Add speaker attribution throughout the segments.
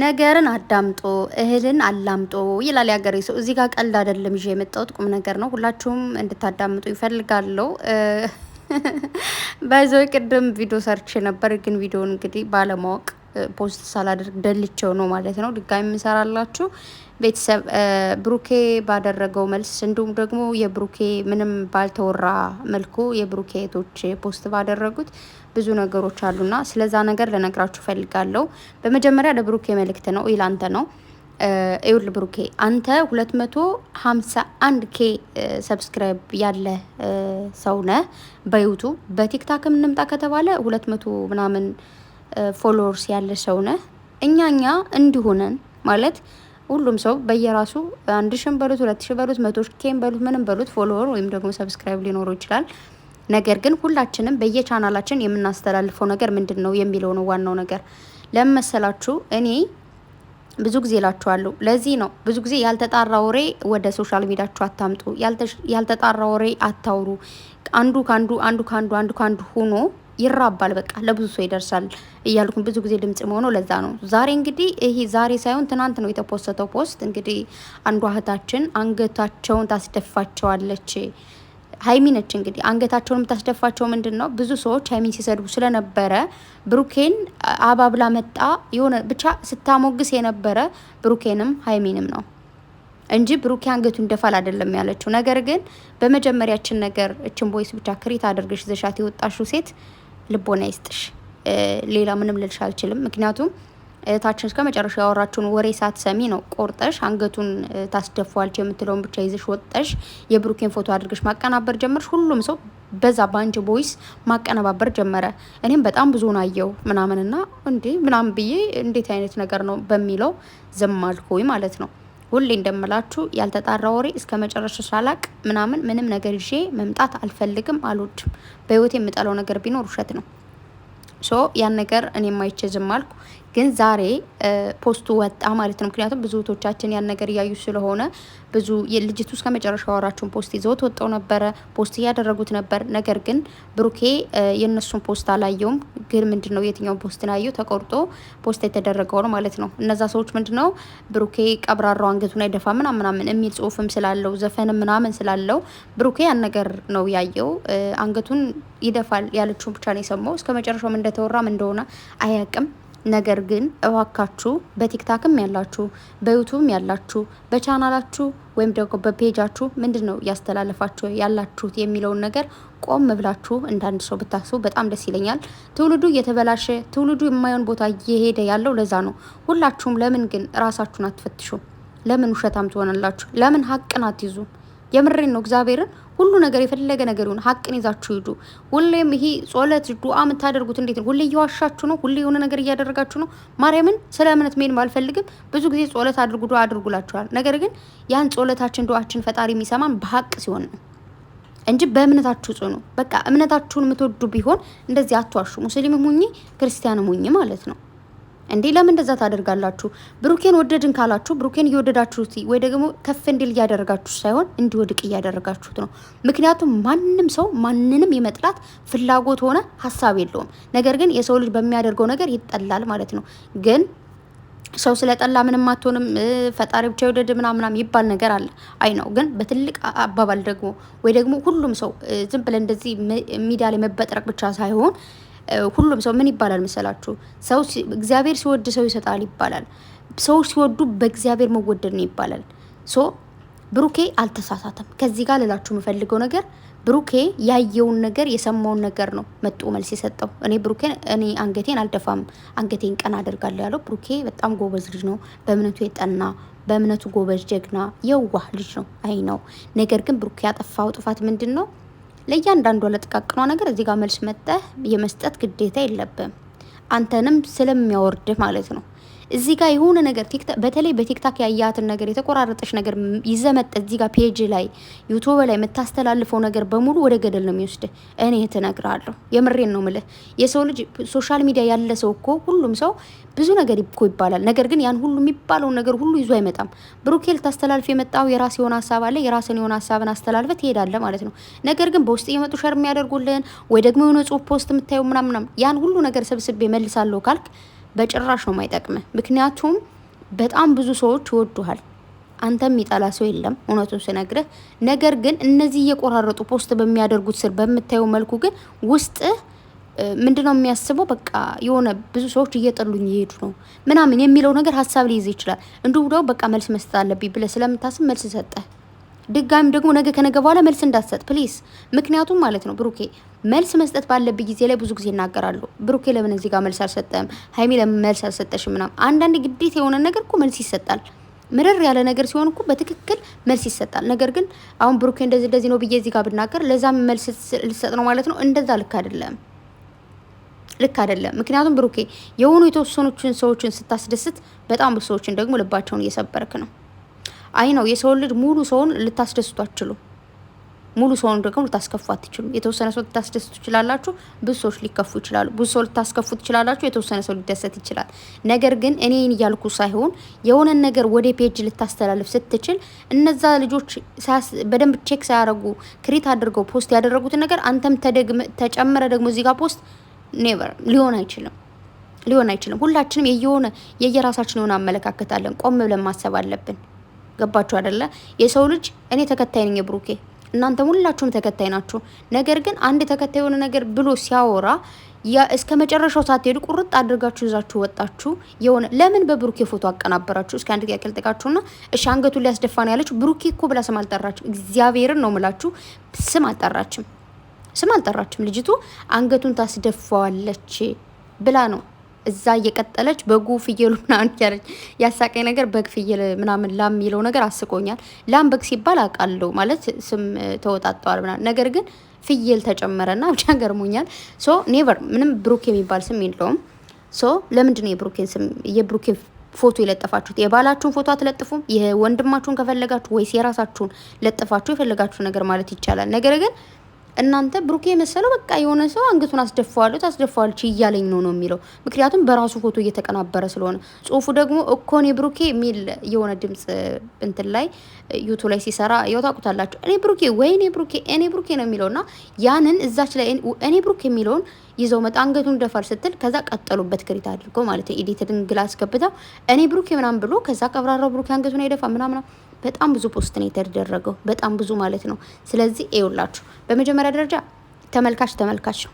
Speaker 1: ነገርን አዳምጦ እህልን አላምጦ ይላል ያገሬ ሰው። እዚህ ጋር ቀልድ አይደለም ይዤ የመጣሁት ቁም ነገር ነው። ሁላችሁም እንድታዳምጡ ይፈልጋለሁ። ባይዘው ቅድም ቪዲዮ ሰርች ነበር፣ ግን ቪዲዮን እንግዲህ ባለማወቅ ፖስት ሳላደርግ ደልቸው ነው ማለት ነው። ድጋሚ የምሰራላችሁ ቤተሰብ ብሩኬ ባደረገው መልስ እንዲሁም ደግሞ የብሩኬ ምንም ባልተወራ መልኩ የብሩኬ እህቶች ፖስት ባደረጉት ብዙ ነገሮች አሉና ስለዛ ነገር ልነግራችሁ ፈልጋለሁ። በመጀመሪያ ለብሩኬ መልእክት ነው ይላንተ ነው ኤውል ብሩኬ አንተ አንድ ኬ ሰብስክራይብ ያለ ሰው ነህ በዩቱብ በቲክታክ እንምጣ ከተባለ መቶ ምናምን ፎሎወርስ ያለ ሰው ነህ። እኛ እኛ እንዲሆነን ማለት ሁሉም ሰው በየራሱ አንድ ሺህም በሉት ሁለት ሺህ በሉት መቶ ኬም በሉት ምንም በሉት ፎሎወር ወይም ደግሞ ሰብስክራይብ ሊኖረው ይችላል። ነገር ግን ሁላችንም በየቻናላችን የምናስተላልፈው ነገር ምንድን ነው የሚለው ነው ዋናው ነገር። ለመሰላችሁ እኔ ብዙ ጊዜ እላችኋለሁ። ለዚህ ነው ብዙ ጊዜ ያልተጣራ ወሬ ወደ ሶሻል ሚዲያችሁ አታምጡ፣ ያልተጣራ ወሬ አታውሩ። አንዱ ካንዱ አንዱ ካንዱ አንዱ ካንዱ ሆኖ ይራባል፣ በቃ ለብዙ ሰው ይደርሳል እያልኩኝ ብዙ ጊዜ ድምጽ መሆነው ለዛ ነው። ዛሬ እንግዲህ ይሄ ዛሬ ሳይሆን ትናንት ነው የተፖሰተው ፖስት። እንግዲህ አንዷ እህታችን አንገታቸውን ታስደፋቸዋለች ሀይሚ ነች እንግዲህ አንገታቸውን የምታስደፋቸው ምንድን ነው? ብዙ ሰዎች ሀይሚን ሲሰድቡ ስለነበረ ብሩኬን አባብላ መጣ የሆነ ብቻ ስታሞግስ የነበረ ብሩኬንም ሀይሚንም ነው እንጂ ብሩኬ አንገቱን ይደፋል አይደለም ያለችው። ነገር ግን በመጀመሪያችን ነገር እችን ቦይስ ብቻ ክሪት አድርገሽ ዘሻት የወጣሹ ሴት ልቦና ይስጥሽ። ሌላ ምንም ልልሽ አልችልም። ምክንያቱም እህታችን እስከ መጨረሻ ያወራችውን ወሬ ሳትሰሚ ነው ቆርጠሽ አንገቱን ታስደፏልች የምትለውን ብቻ ይዘሽ ወጥጠሽ የብሩኬን ፎቶ አድርገሽ ማቀናበር ጀመርሽ። ሁሉም ሰው በዛ በአንቺ ቦይስ ማቀነባበር ጀመረ። እኔም በጣም ብዙውን አየው ምናምንና እንዲህ ምናምን ብዬ እንዴት አይነት ነገር ነው በሚለው ዝም አልኩኝ ማለት ነው። ሁሌ እንደምላችሁ ያልተጣራ ወሬ እስከ መጨረሻ ሳላቅ ምናምን ምንም ነገር ይዤ መምጣት አልፈልግም፣ አልወድም። በህይወት የምጠላው ነገር ቢኖር ውሸት ነው። ሶ ያን ነገር እኔ ማይቼ ዝም አልኩ። ግን ዛሬ ፖስቱ ወጣ ማለት ነው። ምክንያቱም ብዙ እህቶቻችን ያን ነገር እያዩ ስለሆነ ብዙ ልጅቱ እስከ መጨረሻ ወራችሁን ፖስት ይዘውት ወጠው ነበረ፣ ፖስት እያደረጉት ነበር። ነገር ግን ብሩኬ የእነሱን ፖስት አላየውም። ግን ምንድን ነው የትኛውን ፖስት ናየ ተቆርጦ ፖስት የተደረገው ነው ማለት ነው። እነዛ ሰዎች ምንድን ነው ብሩኬ ቀብራራው አንገቱን አይደፋ ምናምን ምናምን የሚል ጽሁፍም ስላለው ዘፈንም ምናምን ስላለው ብሩኬ ያን ነገር ነው ያየው። አንገቱን ይደፋል ያለችውን ብቻ ነው የሰማው። እስከ መጨረሻውም እንደተወራም እንደሆነ አያቅም? ነገር ግን እባካችሁ በቲክታክም ያላችሁ በዩቱብም ያላችሁ በቻናላችሁ ወይም ደግሞ በፔጃችሁ ምንድን ነው እያስተላለፋችሁ ያላችሁት የሚለውን ነገር ቆም ብላችሁ እንደ አንድ ሰው ብታስቡ በጣም ደስ ይለኛል። ትውልዱ እየተበላሸ ትውልዱ የማይሆን ቦታ እየሄደ ያለው ለዛ ነው። ሁላችሁም ለምን ግን ራሳችሁን አትፈትሹ? ለምን ውሸታም ትሆናላችሁ? ለምን ሀቅን አትይዙ? የምሬን ነው እግዚአብሔርን ሁሉ ነገር የፈለገ ነገር ይሁን ሀቅን ይዛችሁ ሂዱ። ሁሌም ይሄ ጾለት ዱአ የምታደርጉት እንዴት ነው? ሁሌ እየዋሻችሁ ነው። ሁሌ የሆነ ነገር እያደረጋችሁ ነው። ማርያምን ስለ እምነት መሄድ ባልፈልግም ብዙ ጊዜ ጾለት አድርጉ፣ ዱአ አድርጉላችኋል። ነገር ግን ያን ጾለታችን ዱአችን ፈጣሪ የሚሰማን በሀቅ ሲሆን ነው እንጂ በእምነታችሁ ጽኑ። በቃ እምነታችሁን የምትወዱ ቢሆን እንደዚህ አትዋሹ። ሙስሊም ሁኚ ክርስቲያንም ሁኚ ማለት ነው። እንዴ ለምን እንደዛ ታደርጋላችሁ? ብሩኬን ወደድን ካላችሁ ብሩኬን እየወደዳችሁት ወይ ደግሞ ከፍ እንዲል እያደረጋችሁ ሳይሆን እንዲወድቅ እያደረጋችሁት ነው። ምክንያቱም ማንም ሰው ማንንም የመጥላት ፍላጎት ሆነ ሀሳብ የለውም። ነገር ግን የሰው ልጅ በሚያደርገው ነገር ይጠላል ማለት ነው ግን ሰው ስለጠላ ምንም አትሆንም፣ ፈጣሪ ብቻ ይውደድ ምናምናም ይባል ነገር አለ። አይ ነው ግን በትልቅ አባባል ደግሞ ወይ ደግሞ ሁሉም ሰው ዝም ብለን እንደዚህ ሚዲያ ላይ መበጥረቅ ብቻ ሳይሆን ሁሉም ሰው ምን ይባላል መሰላችሁ? ሰው እግዚአብሔር ሲወድ ሰው ይሰጣል ይባላል። ሰው ሲወዱ በእግዚአብሔር መወደድ ነው ይባላል። ሶ ብሩኬ አልተሳሳተም። ከዚህ ጋር ልላችሁ የምፈልገው ነገር ብሩኬ ያየውን ነገር የሰማውን ነገር ነው መጡ መልስ የሰጠው። እኔ ብሩኬ እኔ አንገቴን አልደፋም አንገቴን ቀና አደርጋለሁ ያለው ብሩኬ በጣም ጎበዝ ልጅ ነው። በእምነቱ የጠና በእምነቱ ጎበዝ ጀግና የዋህ ልጅ ነው። አይ ነው ነገር ግን ብሩኬ ያጠፋው ጥፋት ምንድን ነው? ለእያንዳንዷ ለጥቃቅኗ ነገር እዚህ ጋር መልስ መጠህ የመስጠት ግዴታ የለብም። አንተንም ስለሚያወርድህ ማለት ነው። እዚህ ጋር የሆነ ነገር በተለይ በቲክታክ ያያትን ነገር የተቆራረጠች ነገር ይዘመጠ እዚህ ጋር ፔጅ ላይ ዩቱብ ላይ የምታስተላልፈው ነገር በሙሉ ወደ ገደል ነው የሚወስድ። እኔ ትነግራለሁ። የምሬን ነው ምልህ። የሰው ልጅ ሶሻል ሚዲያ ያለ ሰው እኮ ሁሉም ሰው ብዙ ነገር እኮ ይባላል። ነገር ግን ያን ሁሉ የሚባለውን ነገር ሁሉ ይዞ አይመጣም። ብሩኬል ታስተላልፍ የመጣው የራስ የሆነ ሀሳብ አለ። የራስን የሆነ ሀሳብን አስተላልፈ ትሄዳለ ማለት ነው። ነገር ግን በውስጥ እየመጡ ሸር የሚያደርጉልን ወይ ደግሞ የሆነ ጽሁፍ ፖስት የምታየው ምናምናም ያን ሁሉ ነገር ሰብስቤ መልሳለሁ ካልክ በጭራሽ ነው ማይጠቅምህ። ምክንያቱም በጣም ብዙ ሰዎች ይወዱሃል፣ አንተ የሚጠላ ሰው የለም እውነቱን ስነግርህ። ነገር ግን እነዚህ እየቆራረጡ ፖስት በሚያደርጉት ስር በምታየው መልኩ ግን ውስጥህ ምንድነው የሚያስበው? በቃ የሆነ ብዙ ሰዎች እየጠሉኝ እየሄዱ ነው ምናምን የሚለው ነገር ሀሳብ ሊይዝ ይችላል። እንዲሁም ደግሞ በቃ መልስ መስጠት አለብኝ ብለህ ስለምታስብ መልስ ሰጠህ። ድጋሚ ደግሞ ነገ ከነገ በኋላ መልስ እንዳትሰጥ ፕሊስ። ምክንያቱም ማለት ነው ብሩኬ መልስ መስጠት ባለብህ ጊዜ ላይ ብዙ ጊዜ ይናገራሉ። ብሩኬ ለምን እዚህ ጋር መልስ አልሰጠም? ሀይሚ ለምን መልስ አልሰጠሽም? ምናምን አንዳንድ ግዴታ የሆነ ነገር እኮ መልስ ይሰጣል። ምርር ያለ ነገር ሲሆን እኮ በትክክል መልስ ይሰጣል። ነገር ግን አሁን ብሩኬ እንደዚህ እንደዚህ ነው ብዬ እዚህ ጋር ብናገር ለዛም መልስ ልሰጥ ነው ማለት ነው። እንደዛ ልክ አይደለም ልክ አይደለም። ምክንያቱም ብሩኬ የሆኑ የተወሰኖችን ሰዎችን ስታስደስት፣ በጣም ብዙ ሰዎችን ደግሞ ልባቸውን እየሰበርክ ነው። አይ ነው የሰውን ልጅ ሙሉ ሰውን ልታስደስቱ አትችሉ። ሙሉ ሰውን ደግሞ ልታስከፉ አትችሉ። የተወሰነ ሰው ልታስደስቱ ትችላላችሁ፣ ብዙ ሰዎች ሊከፉ ይችላሉ። ብዙ ሰው ልታስከፉ ትችላላችሁ፣ የተወሰነ ሰው ሊደሰት ይችላል። ነገር ግን እኔን እያልኩ ሳይሆን የሆነን ነገር ወደ ፔጅ ልታስተላልፍ ስትችል እነዛ ልጆች በደንብ ቼክ ሳያደርጉ ክሪት አድርገው ፖስት ያደረጉትን ነገር አንተም ተጨምረ ደግሞ እዚህ ጋር ፖስት ኔቨር ሊሆን አይችልም ሊሆን አይችልም። ሁላችንም የየሆነ የየራሳችን የሆነ አመለካከት አለን። ቆም ብለን ማሰብ አለብን። ገባችሁ አይደለ? የሰው ልጅ እኔ ተከታይ ነኝ የብሩኬ እናንተ ሁላችሁም ተከታይ ናችሁ። ነገር ግን አንድ ተከታይ የሆነ ነገር ብሎ ሲያወራ ያ እስከ መጨረሻው ሳትሄዱ ቁርጥ አድርጋችሁ ይዛችሁ ወጣችሁ። የሆነ ለምን በብሩኬ ፎቶ አቀናበራችሁ? እስከ አንድ ጥያቄ ልጠቃችሁና፣ እሺ አንገቱን ሊያስደፋ ነው ያለችው ብሩኬ እኮ ብላ ስም አልጠራችም። እግዚአብሔርን ነው ምላችሁ፣ ስም አልጠራችም፣ ስም አልጠራችም። ልጅቱ አንገቱን ታስደፋዋለች ብላ ነው እዛ እየቀጠለች በጉ ፍየሉ ምናምን ያለች ያሳቀኝ ነገር በግ ፍየል ምናምን ላም የሚለው ነገር አስቆኛል። ላም በግ ሲባል አውቃለሁ ማለት ስም ተወጣጠዋል ምናምን፣ ነገር ግን ፍየል ተጨመረና ብቻ ገርሞኛል። ሶ ኔቨር ምንም ብሩክ የሚባል ስም የለውም። ሶ ለምንድን ነው የብሩኬን ስም የብሩኬን ፎቶ የለጠፋችሁት? የባላችሁን ፎቶ አትለጥፉም? የወንድማችሁን ከፈለጋችሁ ወይስ የራሳችሁን ለጥፋችሁ የፈለጋችሁ ነገር ማለት ይቻላል። ነገር ግን እናንተ ብሩክ የመሰለው በቃ የሆነ ሰው አንገቱን አስደፋዋለሁ ታስደፋዋለች እያለኝ ነው ነው የሚለው። ምክንያቱም በራሱ ፎቶ እየተቀናበረ ስለሆነ ጽሁፉ ደግሞ እኮኔ ብሩኬ የሚል የሆነ ድምፅ እንትን ላይ ዩቱ ላይ ሲሰራ ያው ታውቁታላችሁ። እኔ ብሩኬ ወይ እኔ ብሩኬ እኔ ብሩኬ ነው የሚለውና ያንን እዛች ላይ እኔ ብሩኬ የሚለውን ይዘው መጣ አንገቱን ደፋል ስትል ከዛ ቀጠሉበት ክሪት አድርጎ ማለት ነው ኤዲት ድንግላ አስገብተው እኔ ብሩኬ ምናምን ብሎ ከዛ ቀብራራው ብሩኬ አንገቱን አይደፋ ምናምና በጣም ብዙ ፖስት ነው የተደረገው፣ በጣም ብዙ ማለት ነው። ስለዚህ ይውላችሁ፣ በመጀመሪያ ደረጃ ተመልካች ተመልካች ነው።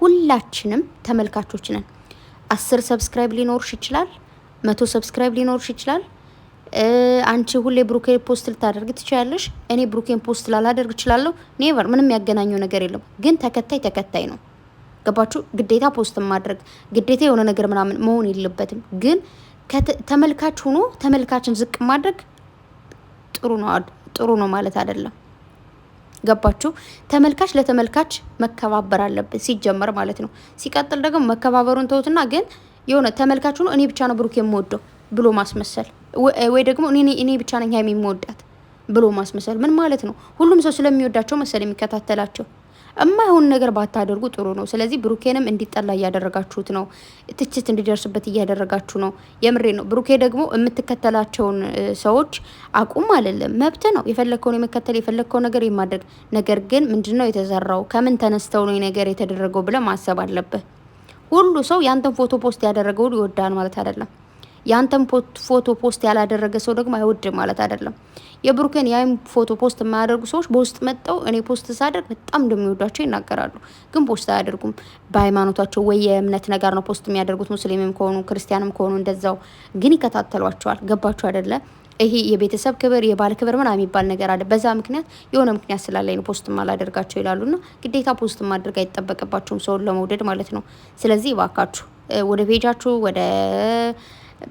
Speaker 1: ሁላችንም ተመልካቾች ነን። አስር ሰብስክራይብ ሊኖርሽ ይችላል፣ መቶ ሰብስክራይብ ሊኖርሽ ይችላል። አንቺ ሁሌ ብሩኬን ፖስት ልታደርግ ትችላለሽ። እኔ ብሩኬን ፖስት ላላደርግ እችላለሁ። ኔቨር ምንም ያገናኘው ነገር የለም። ግን ተከታይ ተከታይ ነው። ገባችሁ? ግዴታ ፖስት ማድረግ ግዴታ የሆነ ነገር ምናምን መሆን የለበትም። ግን ተመልካች ሆኖ ተመልካችን ዝቅ ማድረግ ጥሩ ነው ጥሩ ነው ማለት አይደለም። ገባችሁ? ተመልካች ለተመልካች መከባበር አለብን ሲጀመር ማለት ነው። ሲቀጥል ደግሞ መከባበሩን ተውትና ግን የሆነ ተመልካች ሆኖ እኔ ብቻ ነው ብሩክ የምወደው ብሎ ማስመሰል ወይ ደግሞ እኔ እኔ ብቻ ነኝ ሀይሚ የምወዳት ብሎ ማስመሰል ምን ማለት ነው? ሁሉም ሰው ስለሚወዳቸው መሰል የሚከታተላቸው እማይሆን ነገር ባታደርጉ ጥሩ ነው። ስለዚህ ብሩኬንም እንዲጠላ እያደረጋችሁት ነው። ትችት እንዲደርስበት እያደረጋችሁ ነው። የምሬ ነው። ብሩኬ ደግሞ የምትከተላቸውን ሰዎች አቁም አይደለም፣ መብት ነው የፈለግከውን የመከተል የፈለግከው ነገር የማድረግ ነገር ግን ምንድን ነው የተሰራው ከምን ተነስተው ነው ነገር የተደረገው ብለ ማሰብ አለብህ። ሁሉ ሰው ያንተን ፎቶ ፖስት ያደረገው ይወዳል ማለት አይደለም። የአንተን ፎቶ ፖስት ያላደረገ ሰው ደግሞ አይወድ ማለት አይደለም። የብሩኬን ያይም ፎቶ ፖስት የማያደርጉ ሰዎች በውስጥ መጠው እኔ ፖስት ሳደርግ በጣም እንደሚወዷቸው ይናገራሉ፣ ግን ፖስት አያደርጉም። በሃይማኖታቸው ወይ የእምነት ነገር ነው ፖስት የሚያደርጉት ሙስሊምም ከሆኑ ክርስቲያንም ከሆኑ እንደዛው፣ ግን ይከታተሏቸዋል። ገባቸው አይደለ? ይሄ የቤተሰብ ክብር የባል ክብር ምናምን የሚባል ነገር አለ። በዛ ምክንያት የሆነ ምክንያት ስላለኝ ነው ፖስት ማላደርጋቸው ይላሉና ግዴታ ፖስት ማድረግ አይጠበቅባቸውም ሰውን ለመውደድ ማለት ነው። ስለዚህ እባካችሁ ወደ ፔጃችሁ ወደ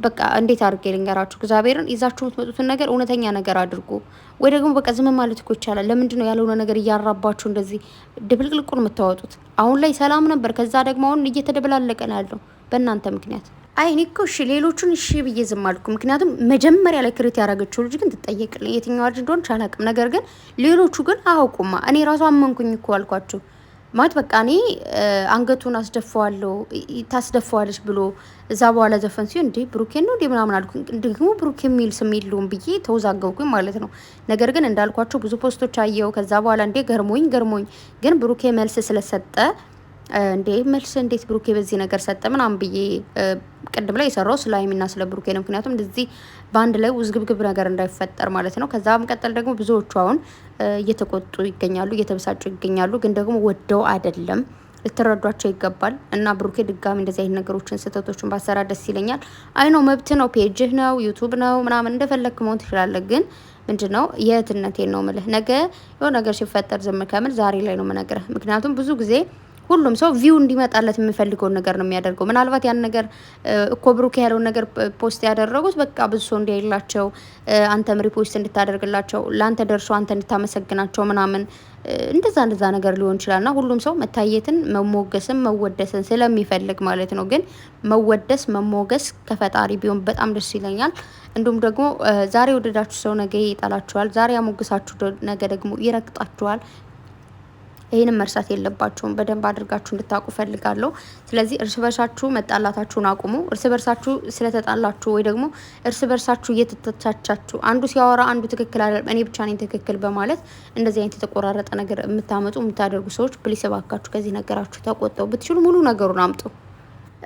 Speaker 1: በቃ እንዴት አድርጌ ልንገራችሁ? እግዚአብሔርን ይዛችሁ የምትመጡትን ነገር እውነተኛ ነገር አድርጉ። ወይ ደግሞ በቃ ዝም ማለት እኮ ይቻላል። ለምንድን ነው ያልሆነ ነገር እያራባችሁ እንደዚህ ድብልቅልቁን የምታወጡት? አሁን ላይ ሰላም ነበር፣ ከዛ ደግሞ አሁን እየተደበላለቀ ነው ያለው በእናንተ ምክንያት። አይ እኔ እኮ እሺ ሌሎቹን እሺ ብዬ ዝም አልኩ። ምክንያቱም መጀመሪያ ላይ ክሬት ያደረገችው ልጅ ግን ትጠየቅልኝ። የትኛዋ ልጅ እንደሆነች አላውቅም፣ ነገር ግን ሌሎቹ ግን አያውቁማ። እኔ ራሱ አመንኩኝ እኮ አልኳቸው። ማለት በቃ እኔ አንገቱን አስደፈዋለሁ ታስደፈዋለች ብሎ እዛ በኋላ ዘፈን ሲሆን እንዴ ብሩኬ ነው እንዴ ምናምን አልኩ። ደግሞ ብሩኬ የሚል ስም የለውም ብዬ ተወዛገብኩኝ ማለት ነው። ነገር ግን እንዳልኳቸው ብዙ ፖስቶች አየው። ከዛ በኋላ እንዴ ገርሞኝ ገርሞኝ ግን ብሩኬ መልስ ስለሰጠ እንዴ መልስ እንዴት ብሩኬ በዚህ ነገር ሰጠ ምናምን ብዬ ቅድም ላይ የሰራው ስለ ሀይሚና ስለ ብሩኬ ነው። ምክንያቱም እንደዚህ በአንድ ላይ ውዝግብግብ ነገር እንዳይፈጠር ማለት ነው። ከዛ በመቀጠል ደግሞ ብዙዎቹ አሁን እየተቆጡ ይገኛሉ፣ እየተበሳጩ ይገኛሉ። ግን ደግሞ ወደው አይደለም ልትረዷቸው ይገባል። እና ብሩኬ ድጋሚ እንደዚህ አይነት ነገሮችን ስህተቶችን ባሰራ ደስ ይለኛል። አይ ነው መብት ነው፣ ፔጅህ ነው፣ ዩቱብ ነው ምናምን እንደፈለግክ መሆን ትችላለህ። ግን ምንድን ነው የእህትነቴን ነው ምልህ ነገ የሆነ ነገር ሲፈጠር ዝም ከምል ዛሬ ላይ ነው ምነግርህ። ምክንያቱም ብዙ ጊዜ ሁሉም ሰው ቪው እንዲመጣለት የሚፈልገውን ነገር ነው የሚያደርገው። ምናልባት ያን ነገር እኮ ብሩክ ያለውን ነገር ፖስት ያደረጉት በቃ ብዙ ሰው እንዲያይላቸው፣ አንተም ሪፖስት እንድታደርግላቸው፣ ለአንተ ደርሶ አንተ እንድታመሰግናቸው ምናምን እንደዛ እንደዛ ነገር ሊሆን ይችላልና ሁሉም ሰው መታየትን መሞገስን መወደስን ስለሚፈልግ ማለት ነው። ግን መወደስ መሞገስ ከፈጣሪ ቢሆን በጣም ደስ ይለኛል። እንዲሁም ደግሞ ዛሬ ወደዳችሁ ሰው ነገ ይጠላችኋል። ዛሬ ያሞግሳችሁ ነገ ደግሞ ይረግጣችኋል። ይህንም መርሳት የለባችሁም። በደንብ አድርጋችሁ እንድታውቁ ፈልጋለሁ። ስለዚህ እርስ በርሳችሁ መጣላታችሁን አቁሙ። እርስ በርሳችሁ ስለተጣላችሁ ወይ ደግሞ እርስ በርሳችሁ እየተተቻቻችሁ አንዱ ሲያወራ አንዱ ትክክል አይደለም እኔ ብቻ ነኝ ትክክል በማለት እንደዚህ አይነት የተቆራረጠ ነገር የምታመጡ የምታደርጉ ሰዎች ፕሊስ እባካችሁ ከዚህ ነገራችሁ ተቆጠው ብትችሉ ሙሉ ነገሩን አምጡ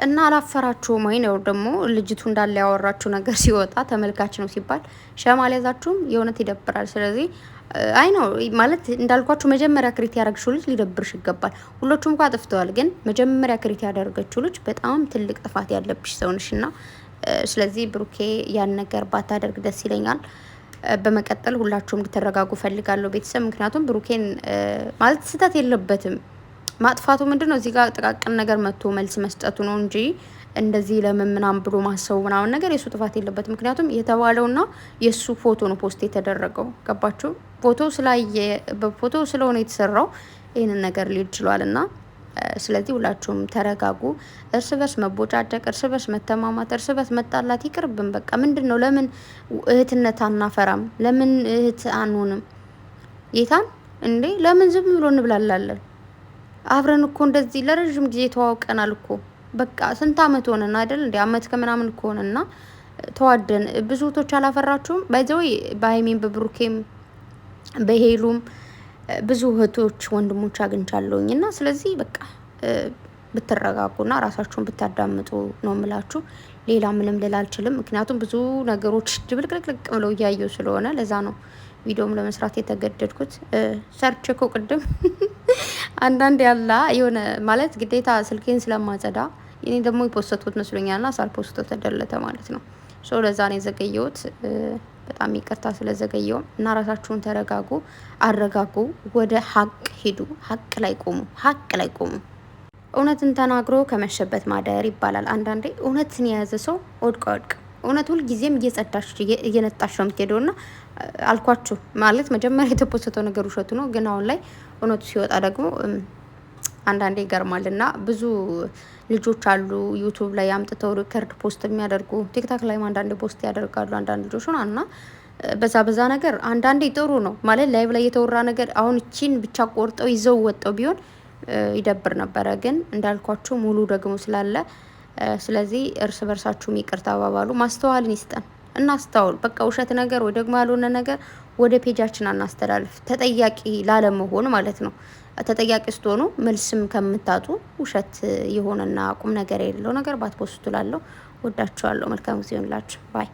Speaker 1: እና አላፈራችሁም ወይ ነው ደግሞ ልጅቱ እንዳለ ያወራችሁ ነገር ሲወጣ ተመልካች ነው ሲባል ሸማ አልያዛችሁም? የእውነት ይደብራል። ስለዚህ አይ ነው ማለት እንዳልኳችሁ መጀመሪያ ክሪት ያደረግሽው ልጅ ሊደብርሽ ይገባል። ሁሎቹም እኳ አጥፍተዋል፣ ግን መጀመሪያ ክሪት ያደረገችው ልጅ በጣም ትልቅ ጥፋት ያለብሽ ሰውንሽ ና ስለዚህ ብሩኬ ያን ነገር ባታደርግ ደስ ይለኛል። በመቀጠል ሁላችሁም ልትረጋጉ ፈልጋለሁ ቤተሰብ። ምክንያቱም ብሩኬን ማለት ስህተት የለበትም ማጥፋቱ ምንድን ነው እዚህ ጋር ጥቃቅን ነገር መጥቶ መልስ መስጠቱ ነው እንጂ እንደዚህ ለምን ምናምን ብሎ ማሰቡ ምናምን ነገር የእሱ ጥፋት የለበትም። ምክንያቱም የተባለውና የእሱ ፎቶ ነው ፖስት የተደረገው ገባችሁ? ፎቶ ስላየ በፎቶ ስለሆነ የተሰራው ይህንን ነገር ሊድ ችሏል እና ስለዚህ ሁላችሁም ተረጋጉ። እርስ በርስ መቦጫጨቅ፣ እርስ በርስ መተማማት፣ እርስ በርስ መጣላት ይቅርብን። በቃ ምንድን ነው? ለምን እህትነት አናፈራም? ለምን እህት አንሆንም? ጌታን እንዴ ለምን ዝም ብሎ እንብላላለን? አብረን እኮ እንደዚህ ለረዥም ጊዜ ተዋውቀናል እኮ በቃ ስንት አመት ሆነን አይደል? እንደ አመት ከምናምን ከሆነና ተዋደን ብዙ እህቶች አላፈራችሁም? ባይዘወይ በሀይሜን በብሩኬም በሄሉም ብዙ እህቶች ወንድሞች አግኝቻለሁኝ እና ስለዚህ በቃ ብትረጋጉና ራሳችሁን ብታዳምጡ ነው ምላችሁ። ሌላ ምንም ልል አልችልም። ምክንያቱም ብዙ ነገሮች ድብልቅልቅልቅ ብለው እያየው ስለሆነ ለዛ ነው ቪዲዮም ለመስራት የተገደድኩት። ሰርች እኮ ቅድም አንዳንድ ያላ የሆነ ማለት ግዴታ ስልኬን ስለማጸዳ እኔ ደግሞ የፖስተቱት መስሎኛል ና ሳልፖስቶ ተደለተ ማለት ነው። ለዛ ነው የዘገየሁት። በጣም ይቅርታ ስለዘገየውም እና ራሳችሁን ተረጋጉ፣ አረጋጉ፣ ወደ ሀቅ ሂዱ፣ ሀቅ ላይ ቆሙ፣ ሀቅ ላይ ቆሙ። እውነትን ተናግሮ ከመሸበት ማደር ይባላል። አንዳንዴ እውነትን የያዘ ሰው ወድቆ ወድቅ እውነት ሁልጊዜም እየጸዳሽ እየነጣሽ ነው የምትሄደው። ና አልኳችሁ ማለት መጀመሪያ የተፖሰተው ነገር ውሸቱ ነው፣ ግን አሁን ላይ እውነቱ ሲወጣ ደግሞ አንዳንዴ ይገርማል እና ብዙ ልጆች አሉ ዩቱብ ላይ አምጥተው ሪከርድ ፖስት የሚያደርጉ ቲክታክ ላይም አንዳንዴ ፖስት ያደርጋሉ አንዳንድ ልጆች ና እና በዛ በዛ ነገር አንዳንዴ ጥሩ ነው ማለት ላይቭ ላይ የተወራ ነገር አሁን እቺን ብቻ ቆርጠው ይዘው ወጠው ቢሆን ይደብር ነበረ። ግን እንዳልኳችሁ ሙሉ ደግሞ ስላለ ስለዚህ እርስ በርሳችሁም ይቅርታ አባባሉ ማስተዋልን ይስጠን። እናስተዋል። በቃ ውሸት ነገር ወይ ደግሞ ያልሆነ ነገር ወደ ፔጃችን አናስተላልፍ፣ ተጠያቂ ላለመሆን ማለት ነው። ተጠያቂ ስትሆኑ መልስም ከምታጡ ውሸት የሆነና ቁም ነገር የሌለው ነገር ባትፖስቱ ላለው ወዳችኋለሁ። መልካም ጊዜ ሆንላችሁ ባይ